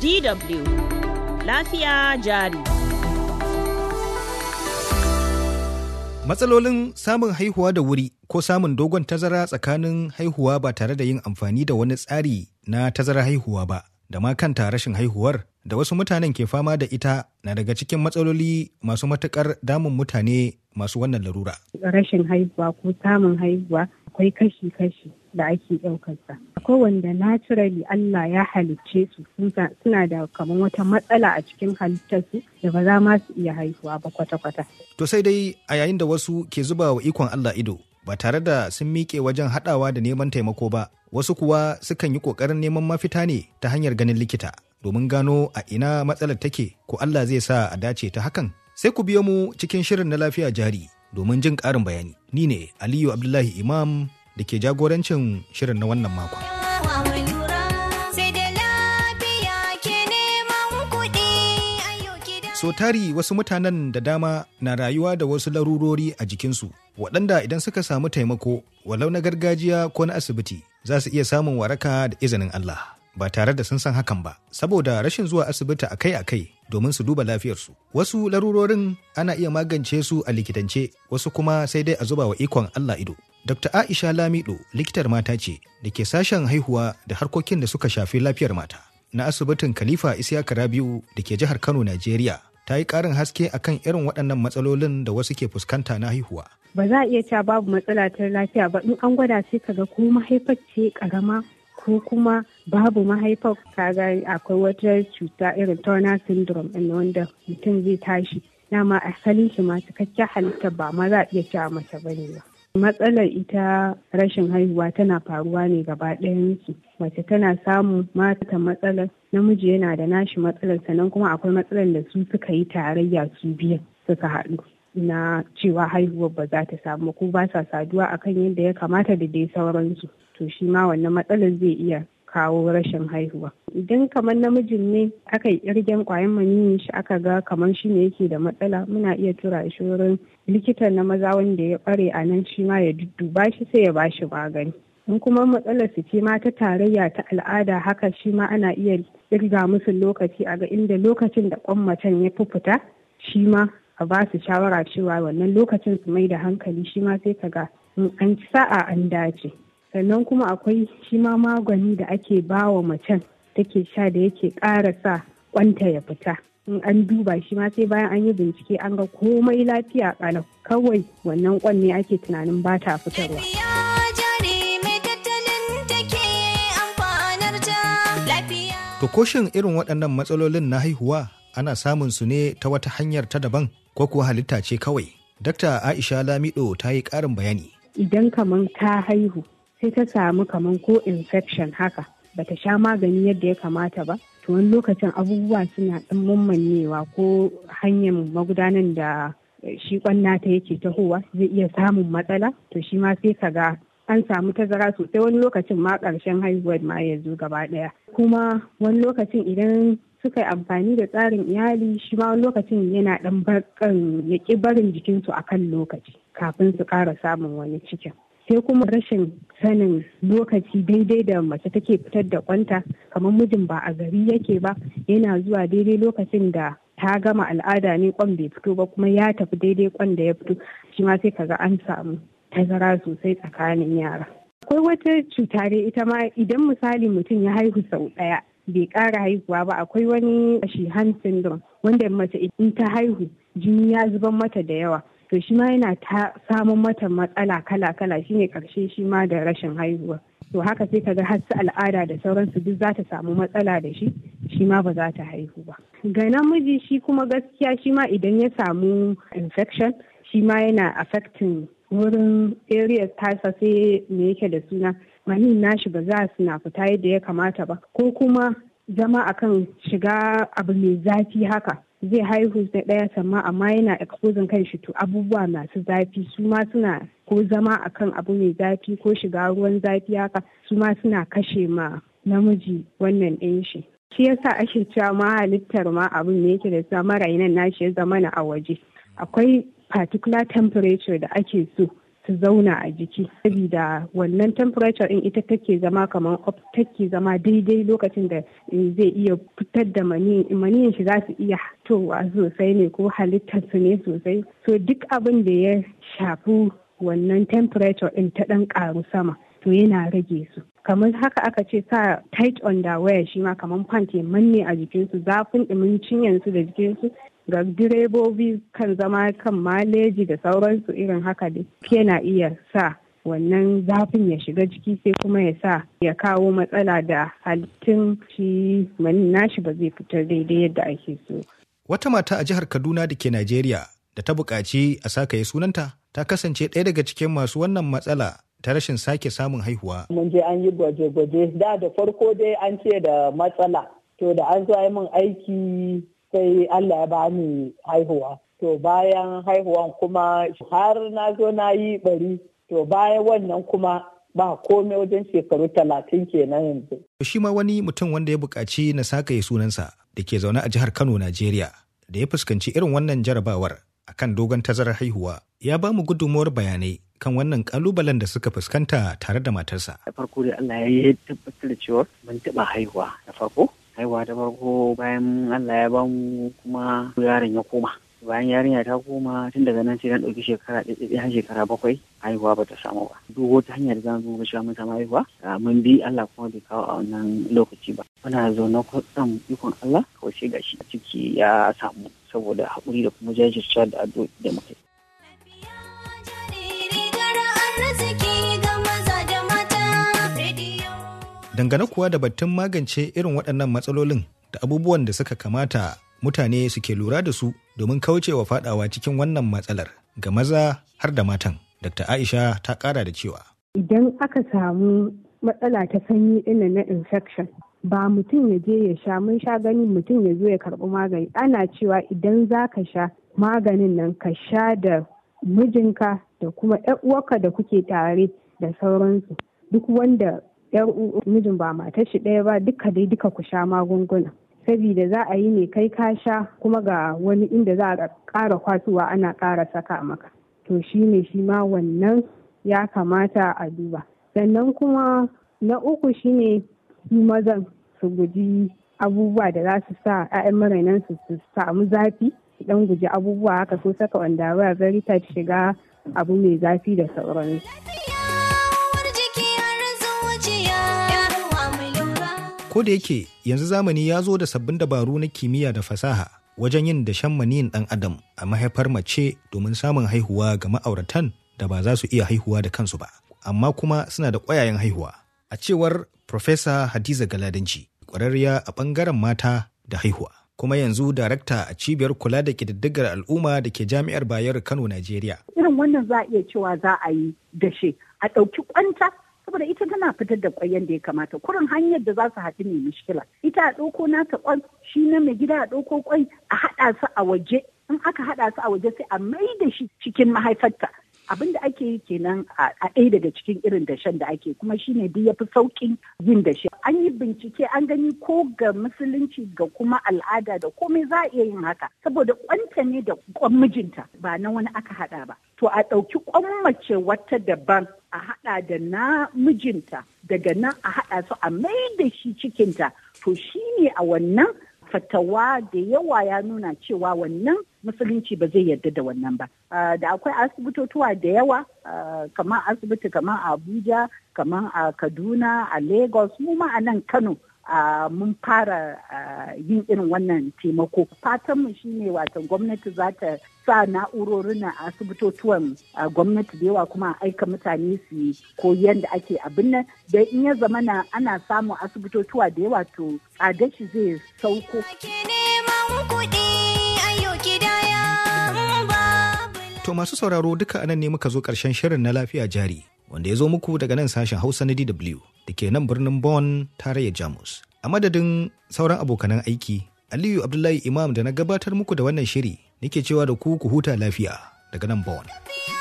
DW lafiya jari. Matsalolin samun haihuwa da wuri ko samun dogon tazara tsakanin haihuwa ba tare da yin amfani da wani tsari na tazara haihuwa ba, da ma kanta rashin haihuwar da wasu mutanen ke fama da ita na daga cikin matsaloli masu matukar damun mutane masu wannan larura. Rashin haihuwa ko samun haihuwa akwai kashi-kashi. da ake ɗaukarsa. Akwai wanda naturally Allah ya halicce su suna da kamar wata matsala a cikin halittarsu da ba za ma su iya haihuwa ba kwata-kwata. To sai dai a yayin da wasu ke zuba wa ikon Allah ido ba tare da sun miƙe wajen haɗawa da neman taimako ba, wasu kuwa sukan yi ƙoƙarin neman mafita ne ta hanyar ganin likita domin gano a ina matsalar take ko Allah zai sa a dace ta hakan. Sai ku biyo mu cikin shirin na lafiya jari domin jin ƙarin bayani. Ni ne Aliyu Abdullahi Imam da ke jagorancin shirin na wannan makon. So tari wasu mutanen da dama na rayuwa da wasu larurori a jikinsu, waɗanda idan suka samu taimako, walau na gargajiya ko na asibiti, za su iya samun waraka da izinin Allah. Ba tare da sun san hakan ba, saboda rashin zuwa asibiti akai-akai domin su duba lafiyarsu. Wasu larurorin ana iya magance su a likitance, wasu kuma sai dai a zuba wa ikon Allah ido. Dr. Aisha Lamido likitar mata ce da ke sashen haihuwa da harkokin da suka shafi lafiyar mata na asibitin Khalifa Isiyaka Rabiu da ke jihar Kano, Najeriya. Ta yi ƙarin haske akan irin waɗannan matsalolin da wasu ke fuskanta na haihuwa. Ba za a iya cewa babu matsala ta lafiya ba in an gwada sai kaga ko mahaifar ce ƙarama ko kuma babu mahaifar kaga akwai wata cuta irin Turner syndrome ɗin wanda mutum zai tashi. Nama asalin shi ma cikakken halitta ba ma za a iya cewa mace ba ne ba. matsalar ita rashin haihuwa tana faruwa ne gaba ɗayansu mace tana samun mata matsalar namiji yana da nashi matsalar sannan kuma akwai matsalar da su suka yi tarayya su biyan suka haɗu na cewa haihuwar ba za ta samu ko ba sa saduwa akan yadda ya kamata da dai sauransu to shi ma wannan matsalar zai iya kawo rashin haihuwa idan kamar namijin ne aka yi irgen kwayan maniyin shi aka ga kamar shi ne yake da matsala muna iya tura shi wurin likitan na maza wanda ya bare a nan shi ma ya dudduba shi sai ya bashi magani in kuma matsalar su ce ma ta tarayya ta al'ada haka shi ma ana iya kirga musu lokaci a ga inda lokacin da kwan macen ya fita shi ma a ba su shawara cewa wannan lokacin su mai da hankali shi ma sai ka ga an sa'a an dace sannan kuma akwai shi ma magani da ake ba wa macen take sha da yake ƙara sa kwanta ya fita in an duba shi ma sai bayan an yi bincike an ga komai lafiya ƙalau kawai wannan kwan ne ake tunanin ba ta fitarwa. To koshin irin waɗannan matsalolin na haihuwa ana samun su ne ta wata hanyar ta daban ko kuwa halitta ce kawai. Dakta Aisha Lamido ta yi ƙarin bayani. Idan kaman ka haihu sai ta samu kamar ko infection haka ba ta sha magani yadda ya kamata ba to wani lokacin abubuwa suna ɗan mammannewa ko hanyar magudanan da shi kwanna ta yake tahowa zai iya samun matsala to shi ma sai ka ga an samu tazara sosai wani lokacin ma karshen haihuwar ma ya zo gaba ɗaya kuma wani lokacin idan suka yi amfani da tsarin iyali shi ma wani lokacin yana ɗan barkan ya ƙi barin jikinsu akan lokaci kafin su ƙara samun wani cikin sai kuma rashin sanin lokaci daidai da mace take fitar da kwanta kamar mijin ba a gari yake ba yana zuwa daidai lokacin da ta gama al'ada ne kwan bai fito ba kuma ya tafi daidai kwan da ya fito shi ma sai kaga an samu tazara sosai tsakanin yara akwai wata cuta dai ita ma idan misali mutum ya haihu sau ɗaya bai ƙara haihuwa ba akwai wani shi hand syndrome wanda mace in ta haihu jini ya zuban mata da yawa to shi ma yana ta samun mata matsala kala-kala shine karshe shi ma da rashin haihuwa to haka sai ka ga har al'ada da sauransu duk za ta samu matsala da shi shi ma ba za ta haihu ba ga namiji shi kuma gaskiya shi ma idan ya samu infection shi ma yana affecting wurin areas ta sai me yake da suna manin nashi ba za su na fita yadda ya kamata ba ko kuma zama akan shiga abu mai zafi haka zai haihu da ɗaya sama amma yana exposing kan shi to abubuwa masu zafi su ma suna ko zama akan abu mai zafi ko shiga ruwan zafi haka su ma suna kashe ma namiji wannan ɗin shi shi yasa ake cewa ma halittar ma abin ne yake da sa marainan nashi ya zama na a waje akwai particular temperature da ake so su zauna a jiki saboda wannan temperature in ita take zama kamar up take zama daidai lokacin da eh, zai iya fitar da maniyan shi za su iya towa sosai ne ko halittar su ne sosai so duk abin da ya shafi wannan temperature in ta dan karu sama to yana rage su kamar haka aka ce sa tight underwear shi ma kamar pant ya manne a jikinsu zafin ɗumin cinyansu da jikinsu ga direbobi kan zama kan maleji da sauransu irin haka ke na iya sa wannan zafin ya shiga jiki sai kuma ya sa ya kawo matsala da halittun shi mani nashi ba zai fitar daidai yadda ake so. Wata mata a jihar Kaduna da ke Najeriya da ta buƙaci a saka ya sunanta ta kasance ɗaya daga cikin masu wannan matsala ta rashin sake samun haihuwa. Mun je an yi gwaje-gwaje da da farko dai an ce da matsala to da an zo min aiki sai Allah ya bani haihuwa to bayan haihuwan kuma har na zo na yi bari to bayan wannan kuma ba komai wajen shekaru talatin kenan yanzu. Shi ma wani mutum wanda ya buƙaci na saka ya sunansa da ke zaune a jihar Kano, Najeriya, da ya fuskanci irin wannan jarabawar kan dogon tazarar haihuwa ya ba mu gudunmuwar bayanai kan wannan kalubalen da suka fuskanta tare da matarsa. Da farko da Allah ya yi tabbatar da cewa mun taɓa haihuwa da farko haihuwa ta farko bayan Allah ya mu kuma yaron ya koma bayan yarinya ta koma tun daga nan sai na ɗauki shekara ɗaya har shekara bakwai haihuwa ba ta samu ba duk wata hanyar da zamu ga cewa mun samu haihuwa mun bi Allah kuma bai kawo a wannan lokaci ba muna zaune kwatsam ikon Allah kawai sai gashi ciki ya samu saboda haƙuri da kuma jajircewa da addu'o'i da muka dangane kuwa da batun magance irin waɗannan matsalolin da abubuwan da suka kamata mutane suke lura da su domin kauce wa fadawa cikin wannan matsalar ga maza har da matan dr aisha ta kara da cewa idan aka samu matsala ta sanyi ina na infection ba mutum ya je ya sha mun sha gani mutum ya zo ya karɓi magani ana cewa idan za ka sha maganin nan ka sha da mijinka da kuma uwarka da kuke tare da sauransu duk wanda yar mijin ba matar shi ɗaya ba duka dai duka ku sha magunguna sabida za a yi ne kai ka sha kuma ga wani inda za a ƙara kwatuwa ana ƙara saka maka to shi ne shi ma wannan ya kamata a duba sannan kuma na uku shine su mazan su guji abubuwa da za su sa 'ya'yan marainan su samu zafi dan guji abubuwa haka so saka wanda very tight shiga abu mai zafi da sauransu. Ko da yake yanzu zamani ya zo da sabbin dabaru na kimiyya da fasaha wajen yin dashen maniyin ɗan adam a mahaifar mace domin samun haihuwa ga ma'auratan da ba za su iya haihuwa da kansu ba, amma kuma suna da ƙwayayen haihuwa. A cewar Profesa Hadiza Galadanci, ƙwararriya a ɓangaren mata da haihuwa. kuma yanzu darakta a cibiyar kula da ƙididdigar al'umma da ke jami'ar bayero kano najeriya irin wannan za a iya cewa za a yi dashe a ɗauki kwanta saboda ita tana fitar da kwai yadda ya kamata kurin hanyar da za su haɗu ne mishkila ita a ɗauko nata ƙwan shi na mai gida a ɗauko kwai a haɗa su a waje in aka haɗa su a waje sai a mai da shi cikin mahaifarta abin da ake yi kenan a ɗaya daga cikin irin dashen da ake kuma shine duk ya fi sauƙin yin dashe an yi bincike an gani ko ga musulunci ga kuma al'ada da komai za a iya yin haka saboda kwanta ne da kwan mijinta ba na wani aka haɗa ba to a ɗauki mace wata daban a haɗa da na mijinta daga nan a haɗa su a mai da shi cikinta to shi ne a wannan fatawa da yawa ya nuna cewa wannan musulunci ba zai yarda da wannan ba da akwai asibitotuwa da yawa kamar asibiti kamar a abuja kamar a kaduna a lagos mu ma a nan kano mun fara yin irin wannan taimako fatanmu ne wata gwamnati za ta sa na'urorin a asibitotuwan gwamnati da yawa kuma aika mutane su koyi yadda ake abin nan da in ya zama na ana samun asibitotuwa da yawa to adashi zai sauko. To masu sauraro duka anan ne muka zo ƙarshen shirin na lafiya jari wanda ya zo muku daga nan sashen Hausa na DW da ke nan birnin Bonn tarayyar Jamus. A madadin sauran abokanan aiki, Aliyu Abdullahi Imam da na gabatar muku da wannan shiri nake cewa da ku ku huta lafiya daga nan Bonn.